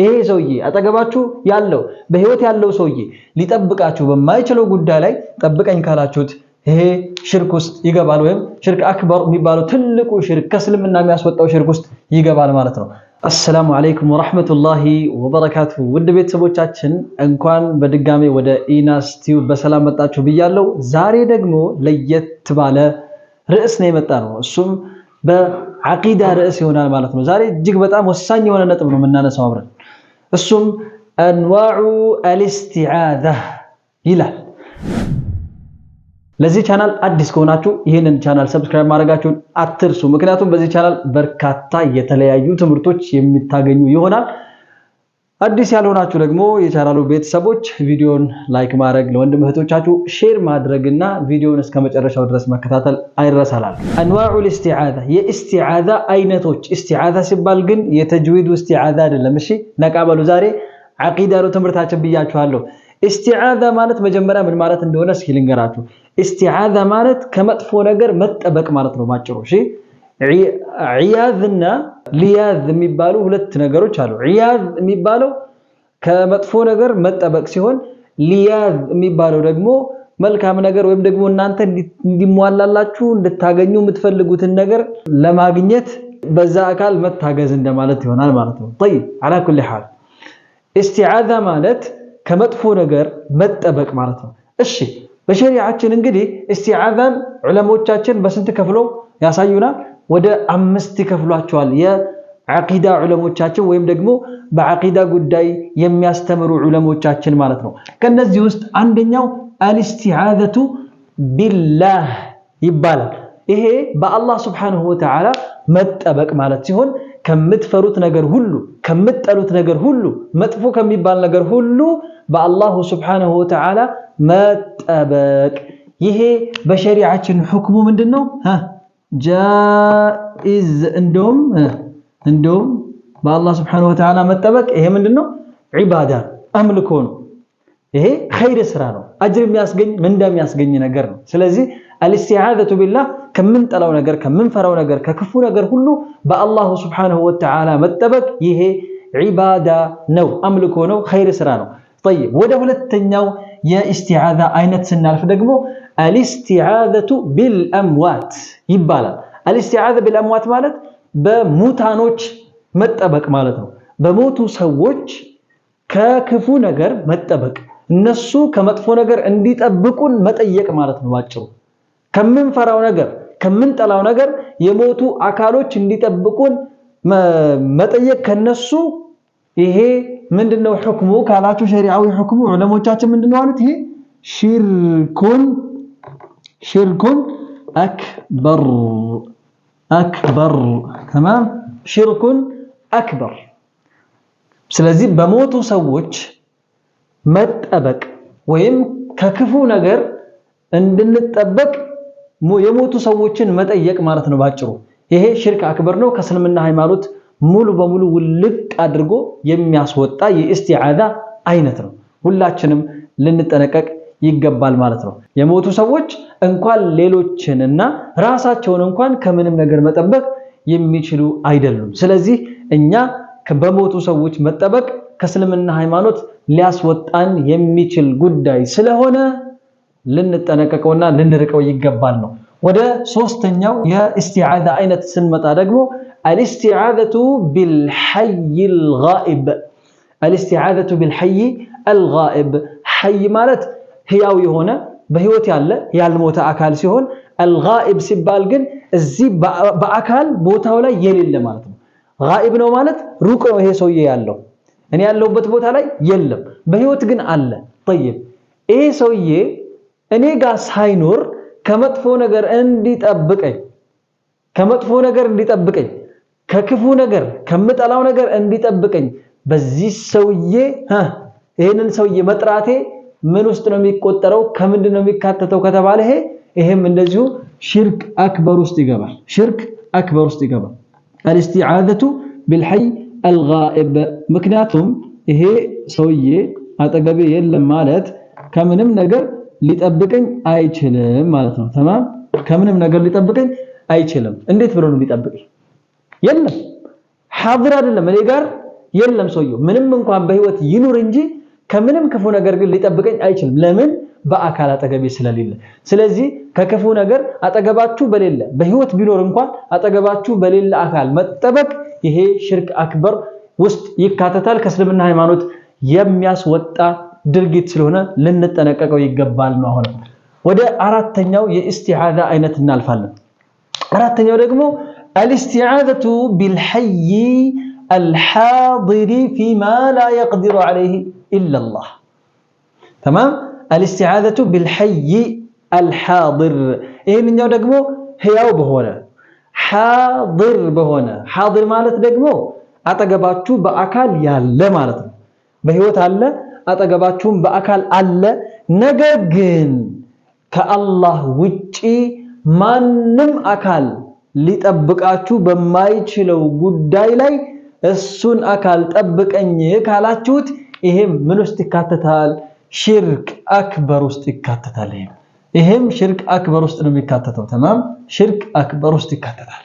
ይሄ ሰውዬ አጠገባችሁ ያለው በህይወት ያለው ሰውዬ ሊጠብቃችሁ በማይችለው ጉዳይ ላይ ጠብቀኝ ካላችሁት ይሄ ሽርክ ውስጥ ይገባል፣ ወይም ሽርክ አክበር የሚባለው ትልቁ ሽርክ ከእስልምና የሚያስወጣው ሽርክ ውስጥ ይገባል ማለት ነው። አሰላሙ አለይኩም ወራህመቱላሂ ወበረካቱ። ውድ ቤተሰቦቻችን እንኳን በድጋሜ ወደ ኢናስ ቲዩብ በሰላም መጣችሁ ብያለሁ። ዛሬ ደግሞ ለየት ባለ ርዕስ ነው የመጣ ነው እሱም አቂዳ ርዕስ ይሆናል ማለት ነው። ዛሬ እጅግ በጣም ወሳኝ የሆነ ነጥብ ነው የምናነሳው አብረን። እሱም አንዋዑ አልስቲዓዛ ይላል። ለዚህ ቻናል አዲስ ከሆናችሁ ይህንን ቻናል ሰብስክራይብ ማድረጋችሁን አትርሱ። ምክንያቱም በዚህ ቻናል በርካታ የተለያዩ ትምህርቶች የሚታገኙ ይሆናል። አዲስ ያልሆናችሁ ደግሞ የቻናሉ ቤተሰቦች ቪዲዮን ላይክ ማድረግ ለወንድም እህቶቻችሁ ሼር ማድረግና ቪዲዮን እስከ መጨረሻው ድረስ መከታተል አይረሳላል። አንዋዑ ኢስቲዓዛ የኢስቲዓዛ አይነቶች። ኢስቲዓዛ ሲባል ግን የተጅዊዱ ኢስቲዓዛ አይደለም። እሺ ነቃበሉ። ዛሬ ዓቂዳ ነው ትምህርታችን ብያችኋለሁ። ኢስቲዓዛ ማለት መጀመሪያ ምን ማለት እንደሆነ እስኪ ልንገራችሁ። ማለት ከመጥፎ ነገር መጠበቅ ማለት ነው ባጭሩ። እሺ ዒያዝ እና ሊያዝ የሚባሉ ሁለት ነገሮች አሉ። ዒያዝ የሚባለው ከመጥፎ ነገር መጠበቅ ሲሆን ሊያዝ የሚባለው ደግሞ መልካም ነገር ወይም ደግሞ እናንተ እንዲሟላላችሁ እንድታገኙ የምትፈልጉትን ነገር ለማግኘት በዛ አካል መታገዝ እንደማለት ይሆናል ማለት ነው። ጠይብ አላ ኩሊ ሓል ኢስቲዓዛ ማለት ከመጥፎ ነገር መጠበቅ ማለት ነው። እሺ በሸሪዓችን እንግዲህ ኢስቲዓዛን ዑለሞቻችን በስንት ከፍሎ ያሳዩናል? ወደ አምስት ይከፍሏቸዋል። የዓቂዳ ዑለሞቻችን ወይም ደግሞ በዓቂዳ ጉዳይ የሚያስተምሩ ዑለሞቻችን ማለት ነው። ከነዚህ ውስጥ አንደኛው አልስቲዓዘቱ ቢላህ ይባላል። ይሄ በአላህ ስብሓንሁ ወተዓላ መጠበቅ ማለት ሲሆን ከምትፈሩት ነገር ሁሉ፣ ከምትጠሉት ነገር ሁሉ፣ መጥፎ ከሚባል ነገር ሁሉ በአላሁ ስብሓንሁ ወተዓላ መጠበቅ። ይሄ በሸሪዓችን ሕክሙ ምንድን ነው? ጃኢዝ እንደውም እንደውም በአላህ ስብሐነሁ ወተዓላ መጠበቅ ይሄ ምንድነው? ዒባዳ አምልኮ ነው። ይሄ ኸይር ስራ ነው። አጅር የሚያስገኝ ምንዳ የሚያስገኝ ነገር ነው። ስለዚህ አልስቲዓዘቱ ቢላህ ከምንጠላው ነገር፣ ከምንፈራው ነገር፣ ከክፉ ነገር ሁሉ በአላሁ ስብሐነሁ ወተዓላ መጠበቅ ይሄ ዒባዳ ነው፣ አምልኮ ነው፣ ኸይር ስራ ነው። ጠይብ ወደ ሁለተኛው የኢስቲዓዛ አይነት ስናልፍ ደግሞ አልኢስቲዓዘቱ ቢልአምዋት ይባላል። አልኢስቲዓዛ ቢልአምዋት ማለት በሙታኖች መጠበቅ ማለት ነው። በሞቱ ሰዎች ከክፉ ነገር መጠበቅ፣ እነሱ ከመጥፎ ነገር እንዲጠብቁን መጠየቅ ማለት ነው። ባጭሩ ከምንፈራው ነገር፣ ከምንጠላው ነገር የሞቱ አካሎች እንዲጠብቁን መጠየቅ ከነሱ ይሄ ምንድነው ህክሙ ካላችሁ ሸሪዓዊ ህክሙ ዑለሞቻችን ምንድነው አሉት? ይሄ ሽርኩን ሽርኩን አክበር አክበር ተማም ሽርኩን አክበር። ስለዚህ በሞቱ ሰዎች መጠበቅ ወይም ከክፉ ነገር እንድንጠበቅ የሞቱ ሰዎችን መጠየቅ ማለት ነው ባጭሩ። ይሄ ሽርክ አክበር ነው ከእስልምና ሃይማኖት ሙሉ በሙሉ ውልቅ አድርጎ የሚያስወጣ የኢስቲዓዛ አይነት ነው። ሁላችንም ልንጠነቀቅ ይገባል ማለት ነው። የሞቱ ሰዎች እንኳን ሌሎችንና ራሳቸውን እንኳን ከምንም ነገር መጠበቅ የሚችሉ አይደሉም። ስለዚህ እኛ በሞቱ ሰዎች መጠበቅ ከእስልምና ሃይማኖት ሊያስወጣን የሚችል ጉዳይ ስለሆነ ልንጠነቀቀውና ልንርቀው ይገባል ነው። ወደ ሶስተኛው የእስቲዓዛ አይነት ስንመጣ ደግሞ አልእስቲዓዘቱ ቢልሐይ አልጋኢብ አልእስቲዓዘቱ ቢልሐይ አልጋኢብ ሐይ ማለት ህያው የሆነ በህይወት ያለ ያልሞተ አካል ሲሆን አልጋኢብ ሲባል ግን እዚህ በአካል ቦታው ላይ የሌለ ማለት ነው። ጋኢብ ነው ማለት ሩቅ ነው ይሄ ሰውዬ ያለው እኔ ያለሁበት ቦታ ላይ የለም፣ በህይወት ግን አለ። ጠይብ ይሄ ሰውዬ እኔ ጋር ሳይኖር ከመጥፎ ነገር እንዲጠብቀኝ ከመጥፎ ነገር እንዲጠብቀኝ ከክፉ ነገር ከምጠላው ነገር እንዲጠብቀኝ በዚህ ሰውዬ ይህንን ሰውዬ መጥራቴ ምን ውስጥ ነው የሚቆጠረው? ከምንድን ነው የሚካተተው ከተባለ ይሄ ይሄም እንደዚሁ ሽርክ አክበር ውስጥ ይገባል። ሽርክ አክበር ውስጥ ይገባል። አልስቲዓዘቱ ቢልሐይ አልጋኢብ። ምክንያቱም ይሄ ሰውዬ አጠገቤ የለም ማለት ከምንም ነገር ሊጠብቀኝ አይችልም ማለት ነው። ተማም ከምንም ነገር ሊጠብቀኝ አይችልም። እንዴት ብሎ ነው ሊጠብቀኝ? የለም ሐድር አይደለም እኔ ጋር የለም ሰውየው። ምንም እንኳን በህይወት ይኑር እንጂ ከምንም ክፉ ነገር ግን ሊጠብቀኝ አይችልም። ለምን? በአካል አጠገቤ ስለሌለ። ስለዚህ ከክፉ ነገር አጠገባችሁ በሌለ በህይወት ቢኖር እንኳን አጠገባችሁ በሌለ አካል መጠበቅ ይሄ ሽርክ አክበር ውስጥ ይካተታል። ከእስልምና ሃይማኖት የሚያስወጣ درجت سلونا لن نتنكك ويجبال نهون وده أراد تنياو يستعاذة أين تنال فلن أراد تنياو رقمو الاستعاذة بالحي الحاضر فيما لا يقدر عليه إلا الله تمام الاستعاذة بالحي الحاضر إيه من يو رقمو هياو بهونا حاضر بهونا حاضر مالت رقمو أتقباتو بأكال يالا مالت بهوت الله አጠገባችሁም በአካል አለ። ነገር ግን ከአላህ ውጪ ማንም አካል ሊጠብቃችሁ በማይችለው ጉዳይ ላይ እሱን አካል ጠብቀኝ ካላችሁት ይሄም ምን ውስጥ ይካተታል? ሽርክ አክበር ውስጥ ይካተታል። ይሄም ሽርክ አክበር ውስጥ ነው የሚካተተው። ተማም ሽርክ አክበር ውስጥ ይካተታል።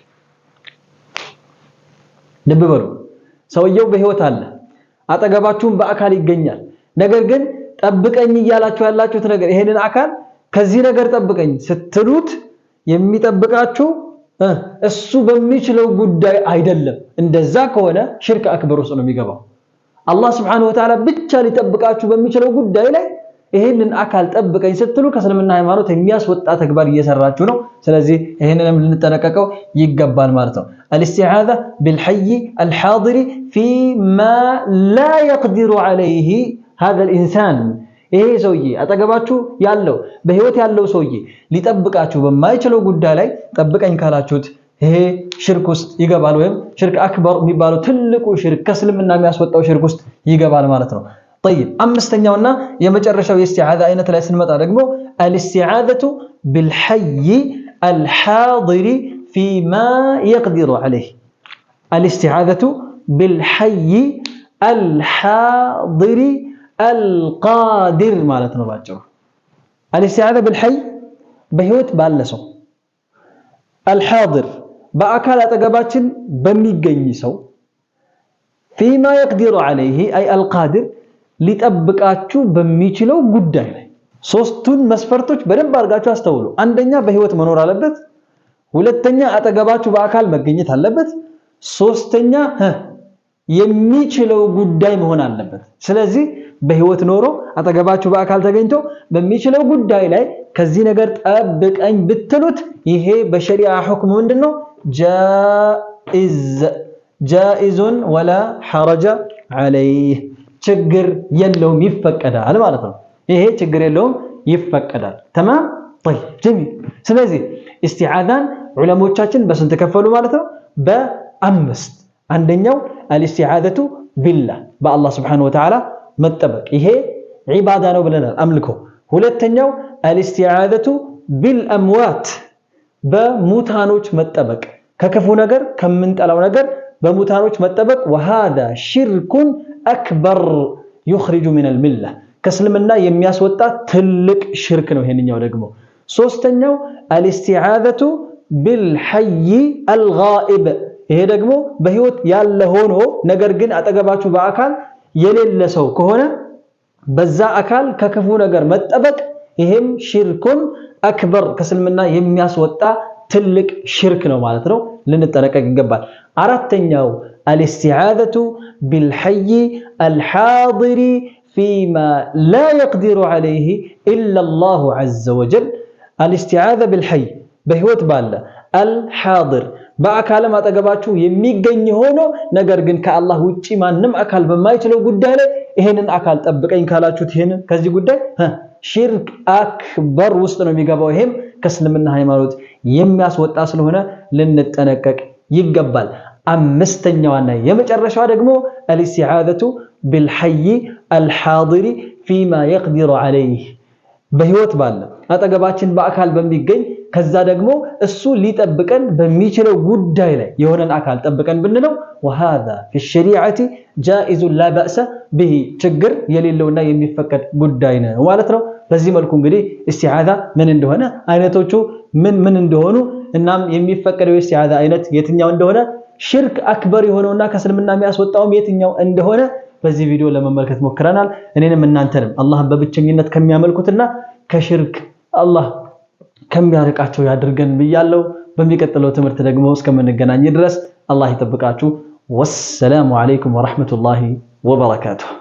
ልብ በሉ፣ ሰውየው በህይወት አለ፣ አጠገባችሁም በአካል ይገኛል። ነገር ግን ጠብቀኝ እያላችሁ ያላችሁት ነገር ይሄንን አካል ከዚህ ነገር ጠብቀኝ ስትሉት የሚጠብቃችሁ እሱ በሚችለው ጉዳይ አይደለም። እንደዛ ከሆነ ሽርክ አክበር ውስጥ ነው የሚገባው። አላህ ስብሐነሁ ወተዓላ ብቻ ሊጠብቃችሁ በሚችለው ጉዳይ ላይ ይህንን አካል ጠብቀኝ ስትሉ ከእስልምና ሃይማኖት የሚያስወጣ ተግባር እየሰራችሁ ነው። ስለዚህ ይህንንም ልንጠነቀቀው ይገባል ማለት ነው። አልስቲዓዛ ቢልሐይ አልሓድሪ ፊማ ላ የቅዲሩ ዓለይህ هذا الإنسان إيه سوي أتقبلتو يالله بهوت يالله سوي لتبقى أشوف ما يشلو قد دالي تبقى إن كلا شوت إيه شركوس يجا بالوهم شرك أكبر مي بالو تلك وشرك كسل من نامي أسود أو شركوس يجا بالو مارتنو طيب أما استنجونا يوم جرش أو استعاذة أين تلاقي سلمة رقمه الاستعاذة بالحي الحاضر فيما يقدر عليه الاستعاذة بالحي الحاضر አልቃዲር ማለት ነው ባጭሩ። አልስቲዓዛ ብልሐይ በህይወት ባለ ሰው፣ አልሓዲር በአካል አጠገባችን በሚገኝ ሰው፣ ፊማ የቅዲሩ ዓለይህ አይ አልቃዲር ሊጠብቃችሁ በሚችለው ጉዳይ ላይ። ሶስቱን መስፈርቶች በደንብ አድርጋችሁ አስተውሉ። አንደኛ በህይወት መኖር አለበት። ሁለተኛ አጠገባችሁ በአካል መገኘት አለበት። ሶስተኛ የሚችለው ጉዳይ መሆን አለበት። ስለዚህ በህይወት ኖሮ አጠገባችሁ በአካል ተገኝቶ በሚችለው ጉዳይ ላይ ከዚህ ነገር ጠብቀኝ ብትሉት ይሄ በሸሪዓ ሁክም ምንድነው? ጃኢዝ ጃኢዙን ወላ ሐረጃ አለይህ ችግር የለውም ይፈቀዳል ማለት ነው። ይሄ ችግር የለውም ይፈቀዳል። ተማም ጀሚል። ስለዚህ ኢስቲዓዛን ዑለሞቻችን በስንት ከፈሉ ማለት ነው? በአምስት አንደኛው አልስቲዓዘቱ ቢላህ በአላህ ስብሓነሁ ወተዓላ መጠበቅ፣ ይሄ ዒባዳ ነው ብለናል፣ አምልኮ። ሁለተኛው አልስቲዓዘቱ ቢልአምዋት በሙታኖች መጠበቅ፣ ከክፉ ነገር ከምንጠላው ነገር በሙታኖች መጠበቅ። ወሃዳ ሽርኩን አክበር ዩኽሪጁ ሚነል ሚላ ከእስልምና የሚያስወጣ ትልቅ ሽርክ ነው። ይሄንኛው ደግሞ ሶስተኛው አልስቲዓዘቱ ቢልሐይ አልጋኢብ ይሄ ደግሞ በህይወት ያለ ሆኖ ነገር ግን አጠገባችሁ በአካል የሌለ ሰው ከሆነ በዛ አካል ከክፉ ነገር መጠበቅ ይሄም ሽርኩን አክበር ከእስልምና የሚያስወጣ ትልቅ ሽርክ ነው ማለት ነው። ልንጠነቀቅ ይገባል። አራተኛው አልእስቲዓዘቱ ቢልሐይ አልሓዲሪ ፊማ ላ የቅዲሩ ዓለይህ ኢላ አላሁ ዐዘ ወጀል። አልእስቲዓዘ ቢልሐይ በህይወት ባለ አልሓዲር በአካልም አጠገባችሁ የሚገኝ ሆኖ ነገር ግን ከአላህ ውጪ ማንም አካል በማይችለው ጉዳይ ላይ ይሄንን አካል ጠብቀኝ ካላችሁት ይሄን ከዚህ ጉዳይ ሽርክ አክበር ውስጥ ነው የሚገባው። ይሄም ከእስልምና ሃይማኖት የሚያስወጣ ስለሆነ ልንጠነቀቅ ይገባል። አምስተኛዋና የመጨረሻዋ ደግሞ አልኢስቲዓዘቱ ቢልሐይ አልሓዲሪ ፊማ የቅዲሩ ዓለይህ በህይወት ባለ አጠገባችን በአካል በሚገኝ ከዛ ደግሞ እሱ ሊጠብቀን በሚችለው ጉዳይ ላይ የሆነን አካል ጠብቀን ብንለው ወሃዛ ፊ ሸሪዓቲ ጃኢዙን ላ በእሰ ብሂ ችግር የሌለውና የሚፈቀድ ጉዳይ ነው ማለት ነው። በዚህ መልኩ እንግዲህ እስቲዓዛ ምን እንደሆነ አይነቶቹ ምን ምን እንደሆኑ እናም የሚፈቀደው ኢስቲዓዛ አይነት የትኛው እንደሆነ ሽርክ አክበር የሆነውና ከእስልምና የሚያስወጣውም የትኛው እንደሆነ በዚህ ቪዲዮ ለመመልከት ሞክረናል። እኔንም እናንተንም አላህን በብቸኝነት ከሚያመልኩትና ከሽርክ አላህ ከሚያርቃቸው ያድርገን ብያለሁ። በሚቀጥለው ትምህርት ደግሞ እስከምንገናኝ ድረስ አላህ ይጠብቃችሁ። ወሰላሙ አለይኩም ወራህመቱላሂ ወበረካቱሁ።